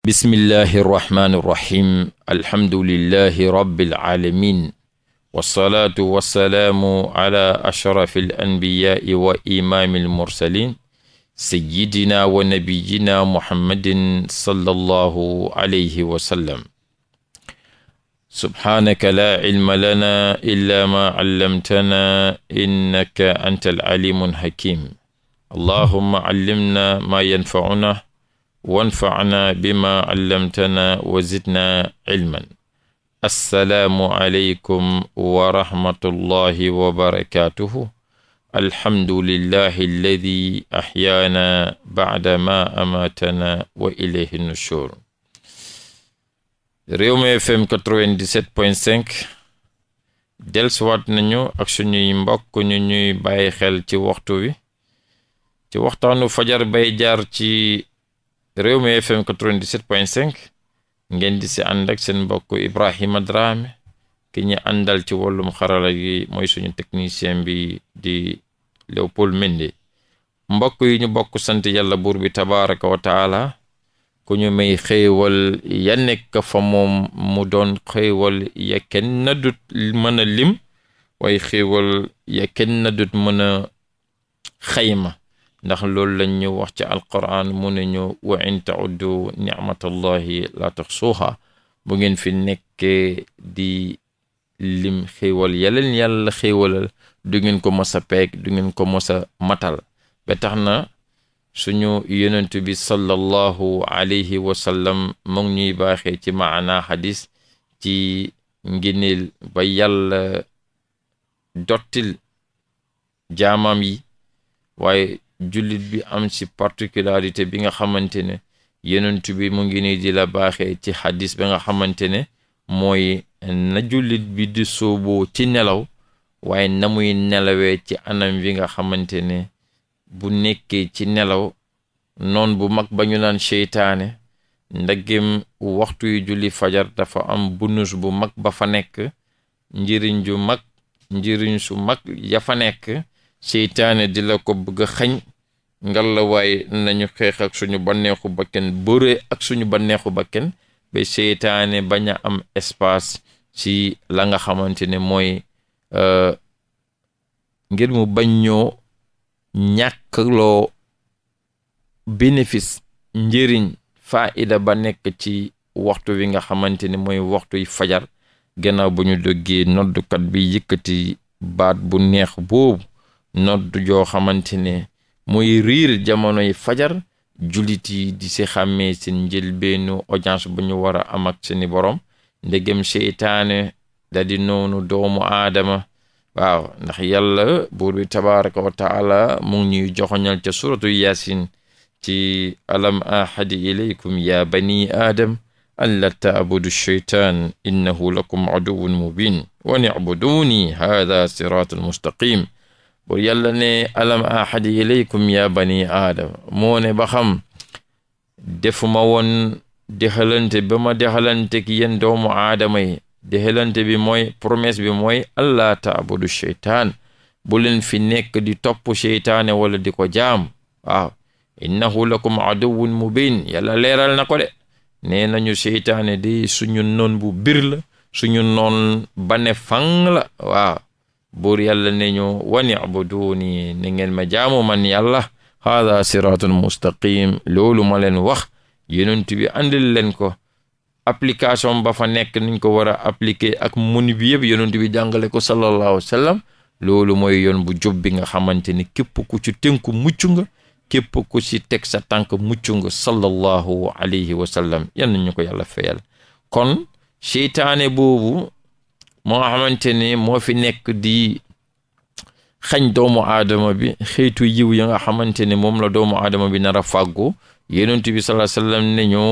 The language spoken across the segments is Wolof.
bismillahi irrahmani irrahim alhamdulillahi rabbil alamin wassalaatu wassalaamu ala ashrafi alanbiyaai wa imaami almursalin sayidina wa nabiyina muhammadin sallallahu alayhi wa sallam subhaanaka laa cilma lana illa ma callamtana innaka anta alcalimu alhakim allahumma callimna ma yanfacuna wanfacnaa bimaa callamtanaa wa zidnaa cilman assalaamu aleykum wa rahmatullahi wa barakaatuhu alhamdulillahi alladi axyaanaa bacda maa amaatanaa wa ilayhi nushuur Rewmi FM 97.5 delsuwaat nañu ak suñuy mbokk ñu ñuy bàyyi xel ci waxtu wi ci waxtaanu fajar bay jaar ci Rewmi FM 97.5 ngeen di si ànd ak seen mbokk Ibrahima Drame ki ñu àndal ci wàllum xarala yi mooy suñu technicien bi di Léopold Mendy mbokk yi ñu bokk sant yàlla buur bi tabaraka wa taala ñu may xéewal ya fa moom mu doon xéewal ya mën a lim way xéewal ya kenn mën a xayma ndax loolu lañ ñu wax ci alquran mu ne ñu wa in tauddu nicmatallahi la tuxsuuha bu ngeen fi nekkee di lim xéewal yaleen yàlla xéewalal du ngeen ko mos a peeg du ngeen ko mos a matal ba tax na suñu yonent bi sallallahu alayhi mu ngi ñuy baaxee ci maana xadis ci ngineel ba yàlla dottil jaamam yi jullit bi am ci particularité bi nga xamante ne yonent bi mu ngi nii di la baaxee ci xadis ba nga xamante ne mooy na jullit bi di sooboo ci nelaw waaye namuy nelawee ci anam wi nga xamante ne bu nekkee ci nelaw noon bu mag ba ñu naan seytaane ndagem waxtu julli fajar dafa am bunus bu mag ba fa nekk njëriñ ju mag njëriñ su mag ya fa nekk seytaane di la ko bëgg a xañ ngalla waaye nañu xeex ak suñu banneexu bakken bëree suñu banneexu bakken ba seytaane bañ a am espace ci la nga xamante ne mooy euh, ngir mu bañ ñoo ñàkkloo bénéfice njëriñ faida ba nekk ci waxtu wi nga xamante ne mooy waxtuy fajar gannaaw bu ñu doggee noddukat bi yëkkati baat bu neex boobu nodd joo xamante ne muy riir jamonoy fajar jullit yi di si xàmmee seen njëlbeenu audience bu ñu war a am ak seeni borom ndegem seytaane da di noonu doomu aadama waaw ndax yàlla buur bi tabaraka wa ñuy joxoñal ca suratu yasin ci alam ahadi ilaykum ya bani aadam an la taabudu sheytaan innahu lakum aduwun mubin wa nicbuduni hada siraatun mustaqim pour yàlla ne alam ahad ilaykum ya bani aadama moo ba xam defuma woon dexalante ba ma dexalante ki yéen doomu aadama yi dexalante bi mooy promes bi mooy allah taabudu cheytaan bu leen fi nekk di topp cheytaane wala di ko jaam waaw ko lakum aduwun mubin yàlla leeral na ko de nee nañu cheytaane di suñu noon bu bir la suñu noon bane fang waaw buur yàlla ne ñu wani abuduuni ni ngeen ma jaamu man yàlla haada siraatun mustaqim loolu ma leen wax yonent bi andil leen ko application ba fa nekk niñ ko war a appliquer ak muni bi yëpp yonent bi jàngale ko sallallahu alayhi sallam loolu mooy yoon bu jub bi nga xamante ni képp ku ci tënku mucc nga képp ku ci teg sa tànk mucc nga sallallahu alayhi wa sallam yal na ñu ko yàlla fayal kon seytaane boobu moo xamante ne moo fi nekk di xañ doomu aadama bi xeetu yiw ya nga xamante ni moom la doomu aadama bi nar a fàggu yonent bi sallallahu alayhi wasallam ñu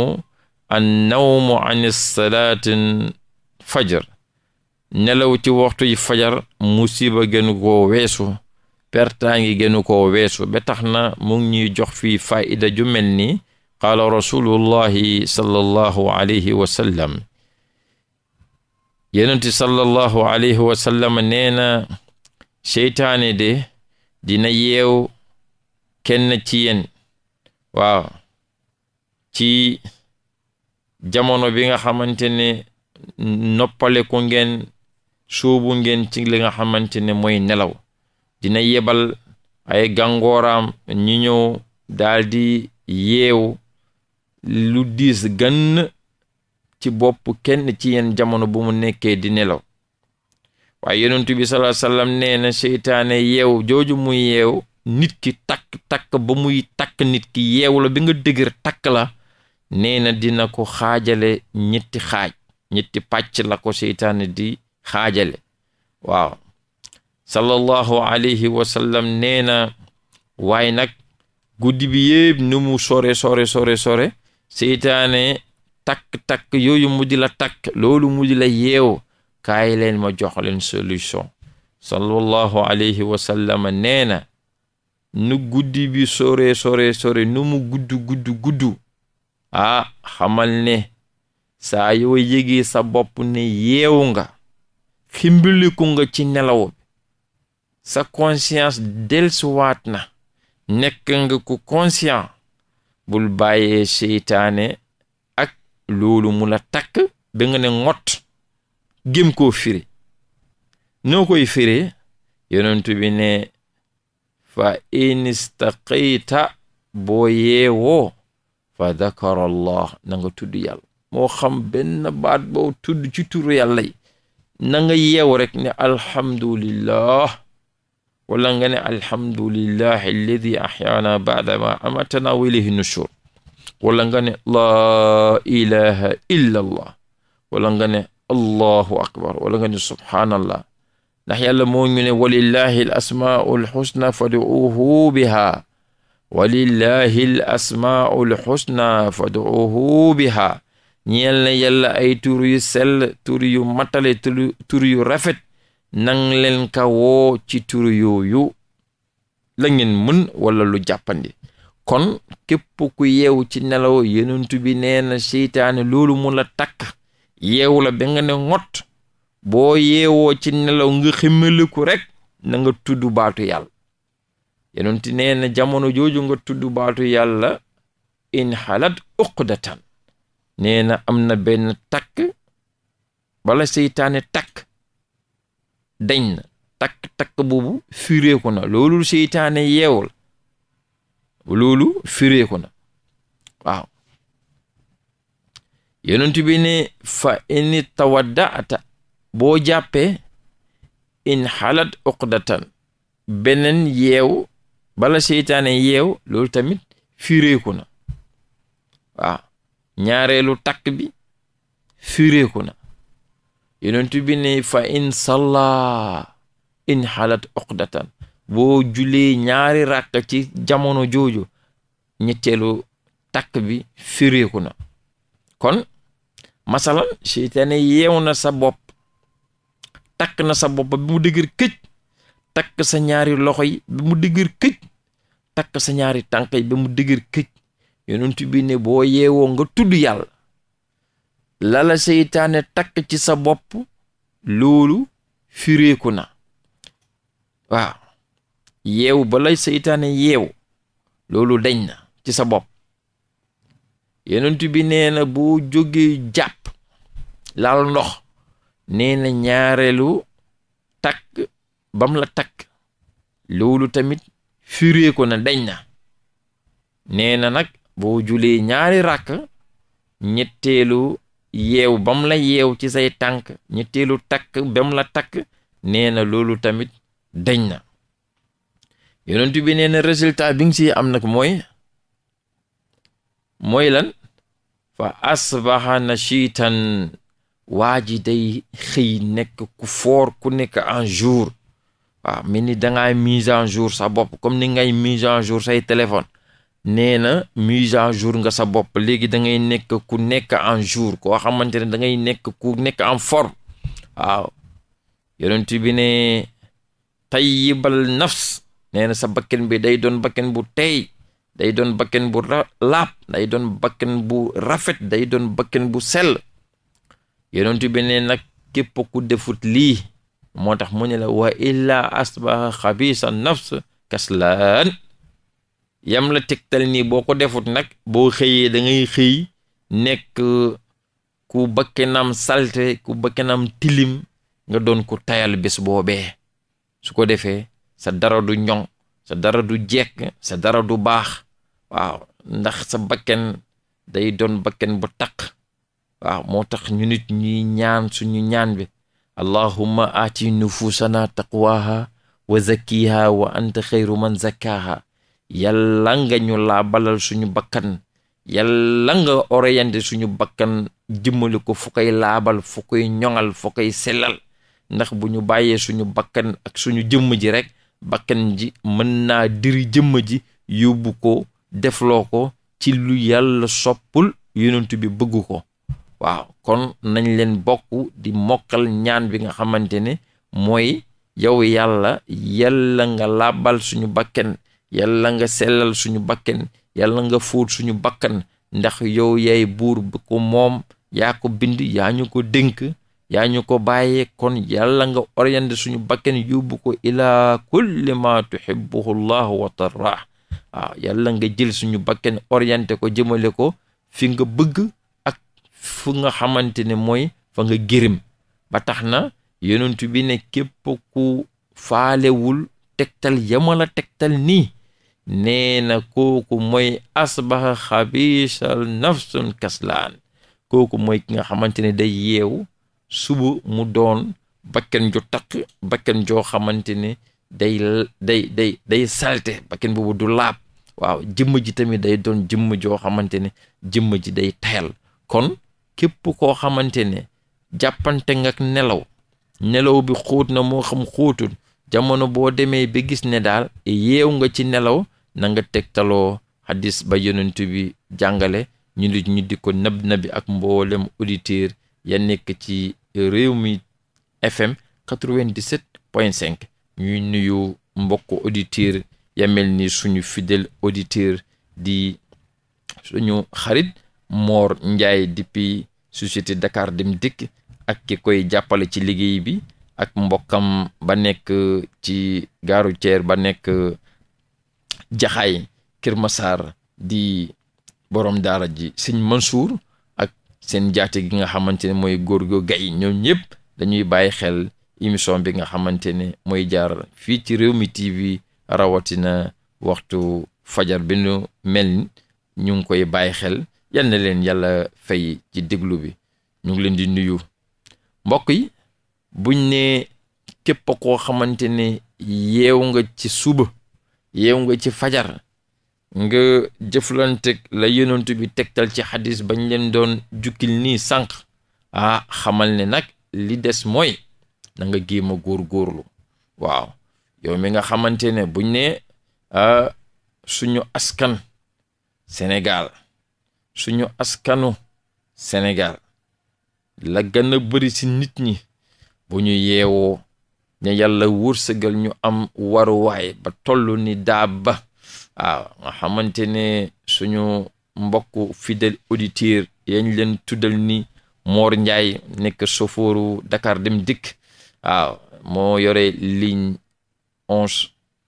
an nawmu an salaatin fajar nelaw ci waxtu yi fajar musiba gënu koo weesu pertaa ngi gënu koo weesu ba na mu ngi ñuy jox fii faayida ju mel ni qaala rasulullahi sallallahu alayhi wasallam yenentu sallallahu alayhi wa sallam nee na seytaane de dina yeewu kenn ci yéen waaw ci jamono bi nga xamante ne noppale ku ngeen suubu ngeen ci li nga xamante ne mooy nelaw dina yebal ay gàngooraam ñi ñëw daal di yeew diis gann ci boppu kenn ci yenn jamono bu mu nekkee di nelaw waaye yonentu bi sallallahu alayhi wasallam nee na seytaane yeew jooju muy yeew nit ki takk takk ba muy takk nit ki yeew la bi nga dëgër takk la nee na dina ko xaajale ñetti xaaj ñetti pàcc la ko seytaane di xaajale waaw sallallahu alayhi wasallam nee na waaye nag guddi bi yëpp ni mu sore sore sore sore seytaane takk-takk yooyu mujj la takk loolu mujj la yeewu kaay leen ma jox leen solution sallallahu alayhi wa nee na nu guddi bi sore sore sore nu mu gudd gudd gudd ah xamal ne saa yoo yëgee sa bopp ni yeewu nga ximbiliku nga ci nelaw bi sa conscience delsuwaat na nekk nga ku conscient bul bàyyee seytaane loolu mu la takk da nga ne ŋot gém koo firi noo koy firee yonentu bi ne fa inistaqayta boo yeewoo fa dakara allah na nga tudd yàlla moo xam benn baat boo tudd ci turu yàlla yi na nga yeew rek ne alhamdulillah wala nga ne alhamdulillahi alladi ahyaana baada ma amatana wa ilayhi nushur wala nga ne laa ilaha illa allah nga ne allahu akbar wala nga ne subhaanallah ndax yàlla moo ñu ne walillahi al asmaau al xusna faduuhu biha walillahi al asmaau faduuhu biha ñeel na yàlla ay tur sell tur yu matale yu rafet nang leen ka woo ci tur yooyu la ngeen mën wala lu jàppandi kon képp ku yeewu ci nelaw yenentu bi nee na seytaane loolu mu la takk yeewu la ba nga ne ŋot boo yeewoo ci nelaw ngi ximmiliku rek na nga tudd baatu yàlla yenentu neena na jamono jooju nga tudd baatu yàlla in xalat uqdatan nee na am na benn takk bala seytaane takk dañ na takk-takk boobu firéeku na loolu seytaane yeewul loolu fireeku na waaw yonent bi ne fa in tawaddaata boo jàppee in xalat uqdatan beneen yeew bala seytaane yeew loolu tamit fireeku na waaw ñaareelu takk bi fireeku na yonent bi ne fa in salla in xalat uqdatan boo julee ñaari ràkk ci jamono jooju ñetteelu takk bi firéeku na kon masalan seytaane yeewu na sa takk na sa bopp bi mu dëgër këj takk sa ñaari loxo yi bi mu dëgër këj takk sa ñaari tànk yi bi mu dëgër këj yonent bi ne boo yeewoo nga tudd yàlla lala seytaane takk ci sa bopp loolu firéeku na waaw yeew balay seytaane yeew loolu dañ na ci sa bopp yonent bi nee na boo jógee jàpp laal ndox neena na ñaareelu takk bam la takk loolu tamit firee na deñ na nee na nag boo julee ñaari ràkk ñetteelu yeew bam la yeew ci say tànk ñetteelu takk bam la takk nee na loolu tamit dañ na yonent bi nee na résultat bi nga ci am nag mooy mooy lan fa asbaha nachitan waa ji day xëy nekk ku foor ku nekk en jour waaw mel ni dangaa mise en jour sa bopp comme ni ngay mise en jour say téléphone nee na mise en jour nga sa bopp léegi da ngay nekk ku nekk en jour koo xamante ne da ngay nekk ku nekk en forme waaw yonent bi ne tayyibal nafs neena sa bakken bi day doon bakken bu tey day doon bakken bu laab day doon bakken bu rafet day doon bakken bu sell yonent bi ne nag képp ku defut lii moo tax mu ne la wa illaa asbaha xabisa nafs kaslaan yam la tegtal nii boo ko defut nag boo xëyee da ngay xëy nekk ku bakkenam salte ku bakkenam tilim nga doon ku tayal bés boobee su ko defee sa dara du ñoŋ sa dara du jekk sa dara du baax waaw ndax sa bakken day doon bakken bu taq waaw moo tax ñu nit ñuy ñaan suñu ñaan bi allahumma aati nufuusanaa taqwaaha wa zakkiha wa anta xayru man zakkaaha yàlla nga ñu laa suñu bakkan yàlla nga orienté suñu bakkan jëmmali ko fu laabal fu ñoŋal fu koy sellal ndax bu ñu bàyyee suñu bakkan ak suñu jëmm ji rekk bakkan ji mën naa diri jëmm ji yóbbu ko defloo ko ci lu yàlla soppul yonent bi bëgg ko waaw kon nañ leen bokk di mokkal ñaan bi nga xamante ne mooy yow yàlla yàlla nga labal suñu bakkan yàlla nga sellal suñu bakkan yàlla nga fóot suñu bakkan ndax yow yaay buur bu ko moom yaa ko bind yaa ñu ko dénk yaa ñu ko bàyyee kon yàlla nga orienté suñu bakken yóbbu ko ilaa kulli ma tuhibbuhu llahu wa tarrah nga jël suñu bakken orienté ko jëmale ko fi nga bëgg ak fu nga xamante ne mooy fa nga gërëm ba tax na yonent bi ne képp ku faalewul tegtal yamala tegtal ni nee na kooku mooy asbaxa xabisal nafsun kaslaan kooku mooy ki nga xamante ne day yeewu suba mu doon bakken ju takk bakken joo xamante ne day day day day salte bakken boobu du laab waaw jëmm ji tamit day doon jëmm joo xamante ne jëmm ji day tayal kon képp koo xamante ne jàppante nga nelaw nelaw bi xóot na moo xam xóotul jamono boo demee ba gis ne daal yeew nga ci nelaw na nga tegtaloo hadis ba yonent bi jàngale ñu di ñu di ko nab nabi ak mboolem auditeur ya nekk ci réew mi FM 97 point 5 ñuy nuyu mbokk auditeur ya mel ni suñu fidèle auditeur di suñu xarit Mor Ndiaye depuis société Dakar Dem Dikk ak ki koy jàppale ci liggéey bi ak mbokkam ba nekk ci gaaru ceer ba nekk jaxaay Kër Massar di borom daara ji sëñ Mansour seen jaate gi nga xamante ne mooy góor goo gay ñoom ñëpp dañuy bàyyi xel émission bi nga xamante ne mooy jaar fii ci réew mi TV rawatina waxtu fajar bi nu mel ñu ngi koy bàyyi xel yal leen yàlla fay ci déglu bi ñu ngi leen di nuyu mbokk yi buñ ne képp koo xamante ne yeew nga ci suba yeew nga ci fajar nga jëflanteg la yonent bi tegtal ci xadis bañ leen doon jukkil nii sànq ah xamal ni nag li des mooy na nga géem a góor-góorlu waaw yow mi nga xamante ne buñ ne suñu askan senegal suñu askanu senegal la gën a bëri si nit ñi bu ñu yeewoo ña yàlla wërsëgal ñu am waruwaay ba tollu ni daa ba waaw ah, nga xamante ne suñu mbokk fidèle auditeur yañ leen tuddal ni moor Ndiaye nekk sofooru Dakar dem dikk waaw ah, moo yore ligne onze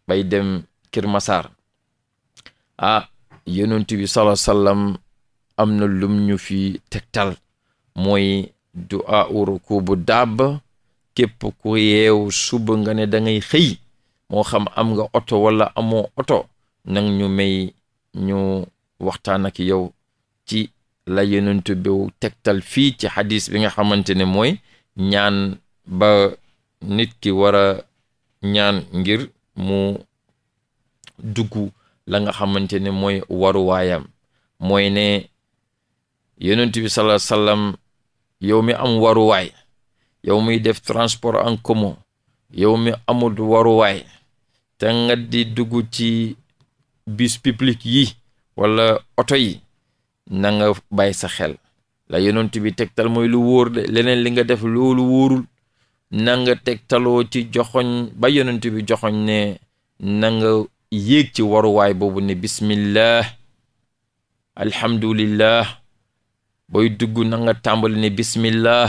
bay dem Kër Massar ah yonent bi salaa sallam am na lum ñu fi tegtal mooy du'a rukubu daab képp ku yeew suba nga ne da ngay xëy moo xam am nga oto walla amoo oto nag ñu may ñu waxtaan ak yow ci la yonent bi tegtal fii ci xadis bi nga xamante ne mooy ñaan ba nit ki war a ñaan ngir mu dugg la nga xamante ne mooy waruwaayam mooy ne yonent bi sallallahu alayhi wasallam yow mi am waruwaay yow miy def transport en commun yow mi amul waruwaay te nga di dugg ci bus public yi wala oto yi nanga nga bàyyi sa xel la yonent bi tegtal mooy lu wóor leneen li nga def loolu wóorul na nga tegtaloo ci joxoñ ba yonent bi joxoñ ne nanga nga yéeg ci waruwaay boobu ne bismillah alhamdulillah booy dugg na nga tàmbali ne bismillah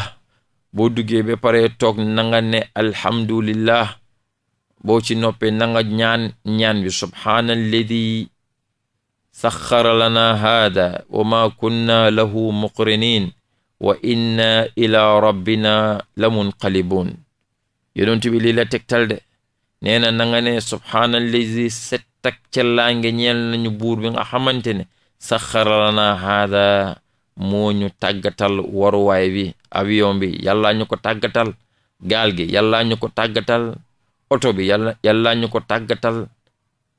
boo duggee ba pare toog nanga ne alhamdulillah boo ci noppee na ñaan ñaan bi subhaanalladi saxara lana haada wa ma kunna lahu muqrinin wa inna ila rabbina la munqalibun yonent bi lii la tegtal de nee na nga ne subhaanalladi set ak ca laange ñeel buur bi nga xamante ne saxara lana haada moo ñu tàggatal waruwaay bi avion bi yàllaa ñu ko tàggatal gaal gi yàllaa ñu ko tàggatal oto bi yàlla yàllaa ñu ko tàggatal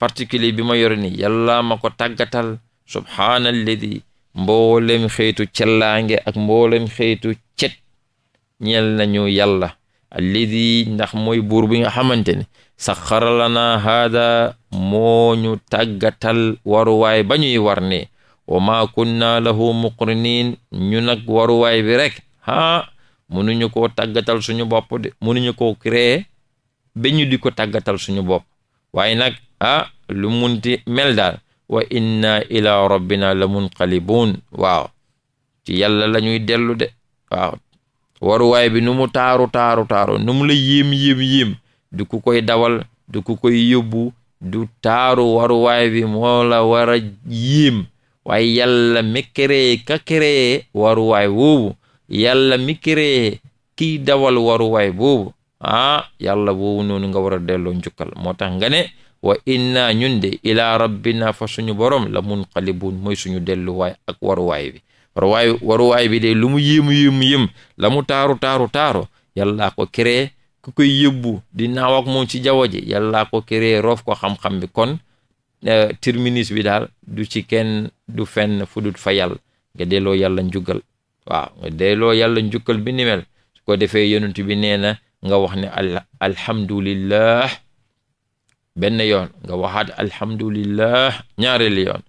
particulier bi ma yore ni yàllaa ma ko tàggatal subhaanalladi mboolem xeetu ak mboolem xeetu cet ñeel nañu yàlla alladi ndax mooy buur bi nga xamante ne saxara lana haada moo ñu tàggatal waruwaay ba ñuy war ne wa maa kunna lahu muqrinin ñu nag waruwaay bi rek haa munuñu ko tàggatal suñu bopp de munuñu koo créer ba ñu di ko tàggatal suñu bopp waaye nag ah lu munti mel daal wa inna ila rabbina la munqalibun waaw ci yàlla la ñuy dellu de waaw waruwaay bi nu mu taaru taaru taaru nu mu la yéem yéem yéem du ku koy dawal du ku koy yóbbu du taaru waruwaay bi moo la war a yéem waaye yàlla mi créé ka créé waruwaay boobu yàlla mi créé kiy dawal waruwaay boobu ah yàlla boobu noonu nga war a delloo njukkal moo tax nga ne wa inna ñun de ilaa rabbina fa suñu borom la munqalibun moy suñu delluwaay ak waruwaay bi waruwaay waruwaay bi de lu mu yéemu yéemu yéem la mu taaru taaru taaru yàllaa ko créé ku koy yëbbu di naaw ak moom ci jaww ji yàllaa ko créé roof ko xam bi kon eh, terminus bi daal du ci kenn du fenn fu dut fa yàlla nga delloo yàlla njukkal waaw nga bi ni ko defee yonent bi nee nga wax ne alhamdulillah benn yoon nga waxaat alhamdulillah ñaareelu yoon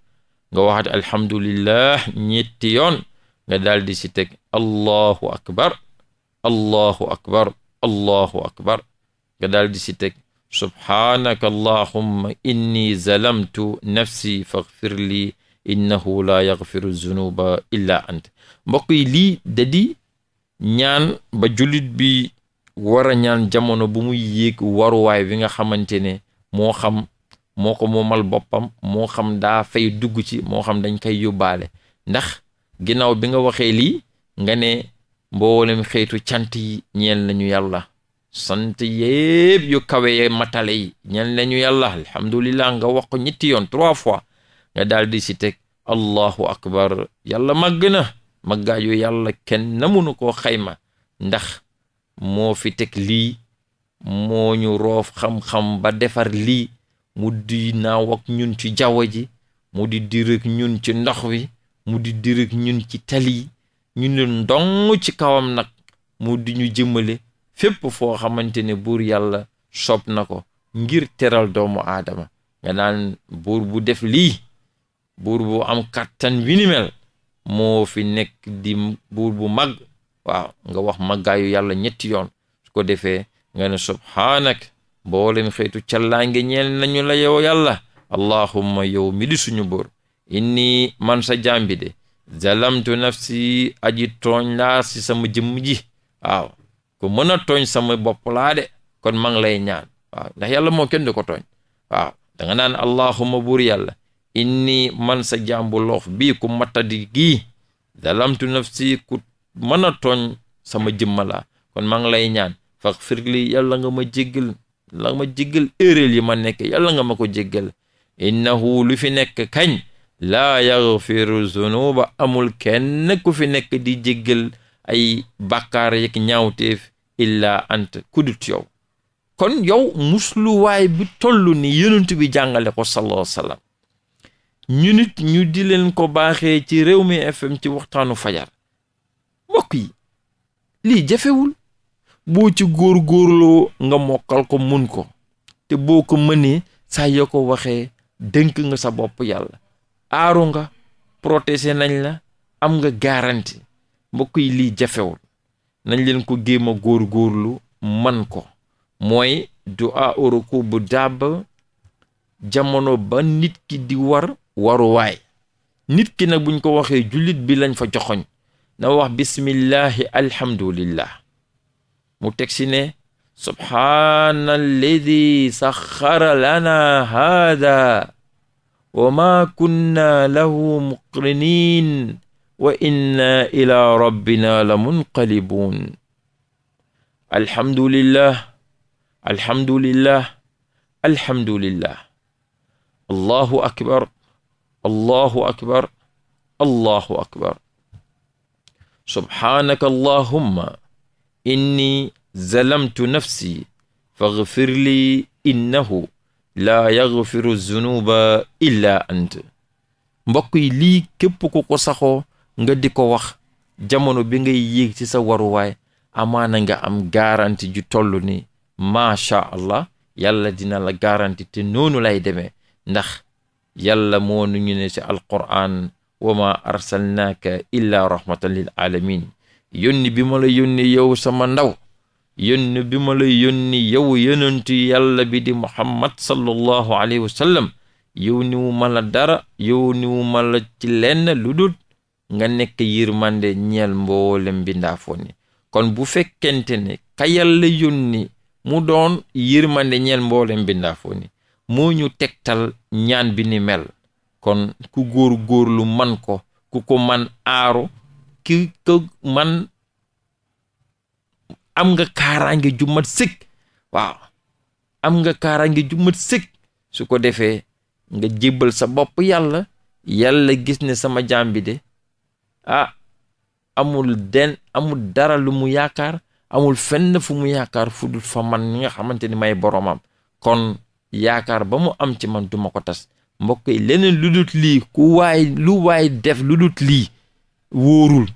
nga waxaat alhamdulillah ñetti yoon nga daal di si teg allahu akbar allahu akbar allahu akbar nga daal di si teg subhaanaka allahumma inni zalamtu nafsi faghfir li innahu la yaghfiru zunuba illa ant mbokk yi lii da ba jullit bi war a ñaan jamono bu muy yéeg waruwaay bi nga xamante ne moo xam moo ko moomal boppam moo xam daa fay dugg ci moo xam dañ koy yóbbaale ndax ginnaaw bi nga waxee lii nga ne mboolem xeetu cant yi ñeel lañu yàlla sant yépp yu kawee matale yi ñeel nañu yàlla alhamdulilah nga wax ko ñetti yoon trois fois nga daal di si teg allahu akbar yàlla màgg na màggaayu yàlla kenn namunu koo xayma ndax moo fi teg lii moo ñu roof xam-xam ba defar lii mu di naaw ñun ci jaww ji mu di direk ñun ci ndox wi mu di direk ñun ci tali ñu ne ndong ci kawam nag mu di ñu jëmale fépp foo xamante ne buur yàlla sob na ko ngir teral doomu aadama nga naan buur bu def lii buur bu am kàttan bi ni moo fi nekk di buur bu mag waaw nga wax màggaayu yàlla ñetti yoon su ko defee nga ne subhaanak mboolem xeetu callaange ñeel nañu la yow yàlla allahumma yow mi di suñu bor inni man sa jàmbi de zalamtu nafsi aji tooñ laa si sama jëmm ji waaw ku mën a tooñ sama bopp laa kon ma lay ñaan waaw ndax yàlla moo kenn du ko tooñ waaw danga naan allahumma buur yàlla inni man sa loof bii ku mattadi gii zalamtu nafsi ku mën a tooñ sama jëmma laa kon maa ngi lay ñaan faghfir li nga ma jéggal yàlla nga ma jéggal erreur yi ma nekk yàlla nga ma ko jéggal innahu lu fi nekk kañ laa yaghfiru zunuba amul kenn ku fi nekk di jéggal ay bàkkaar yeg ñaawteef illaa ant kudut yow kon yow musluwaay bi toll ni yonent bi jàngale ko sallallahu alayhi ñu nit ñu di leen ko baaxee ci réew mi fm ci waxtaanu fajar mbokk yi lii jafewul boo ci góor góorloo nga mokkal ko mun ko te boo ko mënee saa yoo ko waxee dënk nga sa bopp yàlla aaru nga protéger nañ la am nga gaaranti mbokk yi lii jafewul nañ leen ko géem a góor góorlu mën ko mooy du a oroko bu dàbb jamono ba nit ki di war waruwaay nit ki nag buñ ko waxee jullit bi lañ fa joxoñ na wax bismillahi alhamdulillah mu teg si ne subhaana alladi saxara lana haada wa ma kunna lahu muqrinin wa inna ila rabbina la munqalibun alhamdulillah alhamdulillah alhamdulillah allahu akbar allahu akbar allahu akbar subhaanaka allahumma inni zalamtu nafsi faghfir li innahu laa yaghfiru zunuba illa ant mbokk yi lii képp ku ko saxoo nga di ko wax jamono bi ngay yéeg ci sa waruwaay amaana nga am garanti ju toll ni macha allah yàlla dina la garanti te noonu lay deme ndax yàlla moo nu ñu ne ci alquran wa ma arsalnaaka illa rahmatan lil alamin yónni bi ma yow sama ndaw yónni bi ma la yónni yow yonentu yàlla bi di muhammad sallallahu alayhi wa sallam yow ni wu dara yow ni ci lenn lu dul nga nekk yërmande ñeel mboolem bi kon bu fekkente ne ka yàlla yónni mu doon yërmande ñeel mboolem bi ndaafoo ni tegtal ñaan bi mel kon ku góor góorlu man ko ku ko man aaru ki ko man am nga kaaraange ju mat waaw am nga kaaraange ju mat sëkk su ko defee nga jibal sa bopp yàlla yàlla gis ne sama jaam bi de a ah, amul den amul dara lu mu yaakaar amul fenn fu mu yaakaar fu dul fa man mi nga xamante ni may boroomam kon yaakaar ba mu am ci man duma ko tas mbokk yi leneen lu dut lii ku waay lu waay def lu dut lii wóorul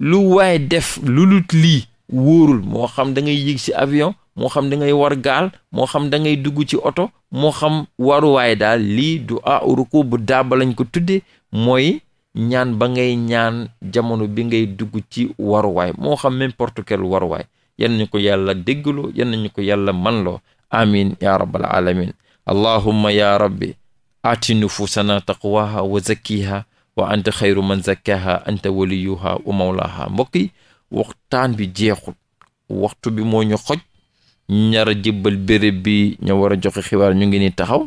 lu waay def lu dut lii wóorul moo xam dangay ngay yéeg ci avion moo xam da ngay war gaal moo xam da ngay dugg ci oto moo xam waruwaay daal lii du a uruku bu daaba lañ ko tudde mooy ñaan ba ngay ñaan jamono bi ngay dugg ci waruwaay moo xam n'importe quel waruwaay yan nañu ko yàlla déggloo yan nañu ko yàlla manloo amin ya rabbal alamin allahumma ya rabbi aati nufusana taqwaha wa zakkiha wa anta xayru man zakkaha anta waliyuha wa mawlaha mbokk yi bi jeexul waxtu bi moo ñu xoj ñar a jébbal béréb bi ña war a joxe xibaar ñu ngi ni taxaw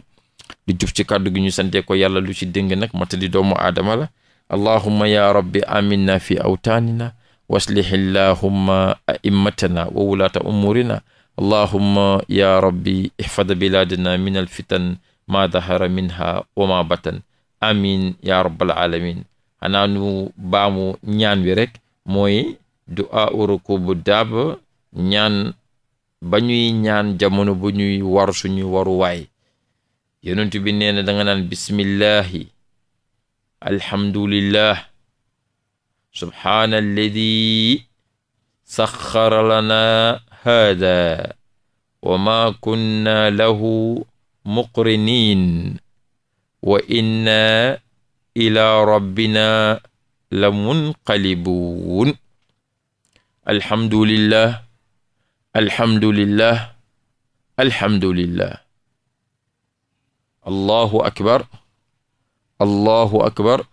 di jub ci kàddu gi ñu santeeko ko yàlla lu ci dëng nag doomu aadama la allahumma ya rabbi aminna fi awtaanina wa aslih illahumma aimmatana wa wulaata umurina allahumma ya rabbi ihfad biladana min alfitan ma dahara minha wa batan amin ya rabbal alamin nu baamu ñaan bi rek mooy du'a urukubu daab ñaan ba ñaan jamono bu ñuy war suñu waruwaay yonent bi nee na naan bismillahi alhamdulillah subhaana alladi saxara lana haada wa ma lahu muqrinin wa inna ila rabbina la munqalibun alhamdulillah alhamdulillah alhamdulillah allahu akbar allahu akbar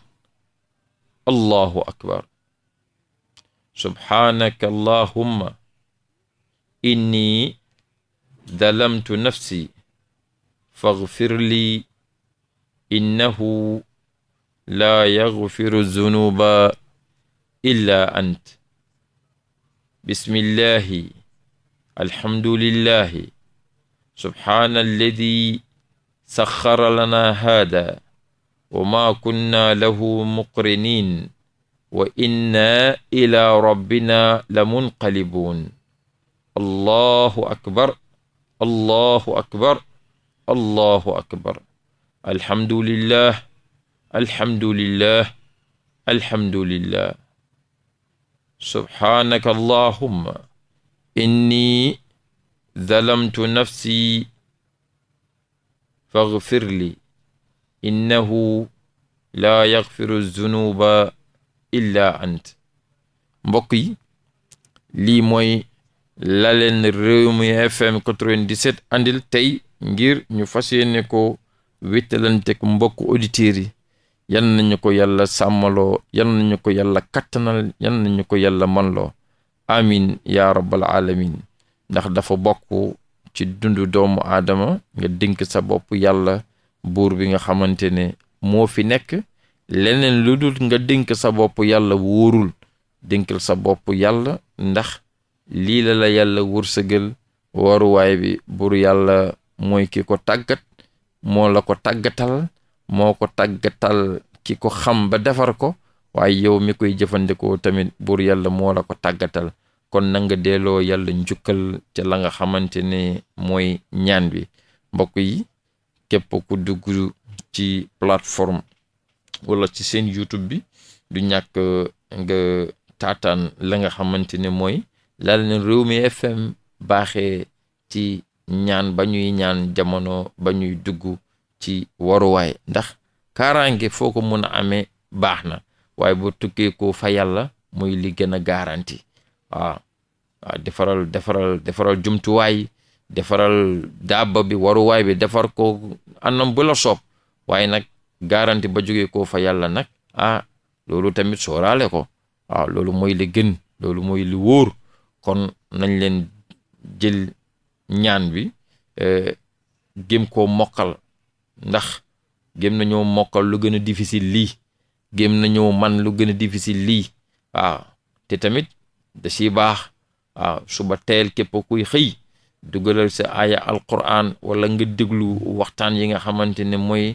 allahu akbar subhaanaka allahumma inni dalamtu nafsi faghfir lii innahu laa yaghfiru zunuba illa ant bismillahi alhamdulillahi subhaana alladi saxara lana haada wa maa kunna lahu muqrinin wa inna ila rabbina la munqalibun allahu akbar allahu akbar allahu akbar alhamdulillah alhamdulillah alhamdulillah subhaanaka allahumma inni zalamtu nafsi faghfir li innahu laa yaghfiru zunuba illa ant mbokk yi lii mooy la leen Rewmi FM 97 andil tey ngir ñu fas yéene ko wéttalanteeg mbokk auditeurs yi yan nañu ko yàlla sàmmaloo yan nañu ko yàlla kattanal yan nañu ko yàlla manloo amin ya rabbal alamin ndax dafa bokk ci dundu doomu aadama nga dénk sa bopp yàlla buur bi nga xamante ne moo fi nekk leneen lu dul nga dénk sa bopp yàlla wóorul dénkal sa bopp yàlla ndax lii la la yàlla gël waruwaay bi buur yàlla mooy ki ko tàggat moo la ko tàggatal moo ko tàggatal ki ko xam ba defar ko waaye yow mi koy jëfandikoo tamit buur yàlla moo la ko tàggatal kon nanga nga delloo yàlla njukkal ca la nga xamante ne mooy ñaan bi mbokk yi képp ku dugg ci plateforme wala ci seen YouTube bi du ñàkk uh, nga taataan la nga xamante ne mooy la leen Rewmi FM baaxee ci ñaan ba ñuy ñaan jamono ba ñuy dugg ci waruwaay ndax kaarange foo ko mun a amee baax na waaye bu tukkee ko fa muy li gën a garanti waaw waaw defaral defaral jumtuwaay defaral daaba bi waruwaay bi defar ko anam bu la soob waaye nag garanti ba jógee koo fa nag ah loolu tamit soraale ko waaw loolu mooy li loolu mooy li wóor kon nañ leen jël ñaan bi e, gém ko mokkal ndax gém nañoo mokkal lu gën a difficile lii gém nañoo man lu gën a difficile lii waaw te tamit da si baax suba teel képp kuy xëy dugalal sa aaya alquran wala nga déglu waxtaan yi nga xamante ne mooy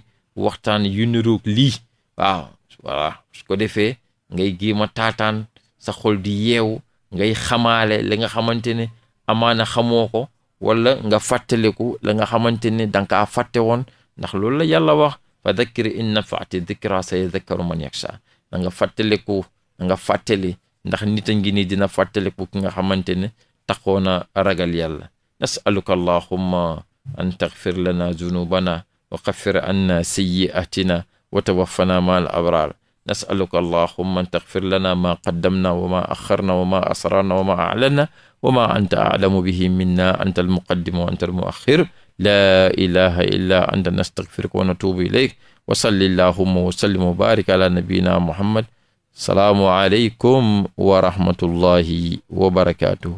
waxtaan yu niroog lii waaw voilà su ko defee ngay géema taataan sa xol di yeew ngay xamaale li nga xamante ne amaana xamoo ko wala nga fàttaliku la nga xamante ne da nga kaa fàtte woon ndax loolu la yàlla wax fa dakkir in nafaati dikra sayadakkaru man yaksha na nga fàttaliku na nga fàttali ndax nit a ngi nii dina fàttaliku ki nga xamante ne taxoo na ragal yàlla nasaluka allahumma an taxfir lana zunubana wa xafir anna sayyi'atina wa tawaffana ma al abrar nasaluka allahumma an taxfir lana ma qaddamna wa ma axarna wa ma asrarna wa ma alanna wa ma anta aalamu bihi minna anta almuqaddimu wa anta almuaxir laa ilaha illa anta nastagfiruka wa natuubu ilayk wa salli llahumma wa sallim wa baarik ala nabiyina muhammad salaamu aleykum wa rahmatullahi wa barakaatuhu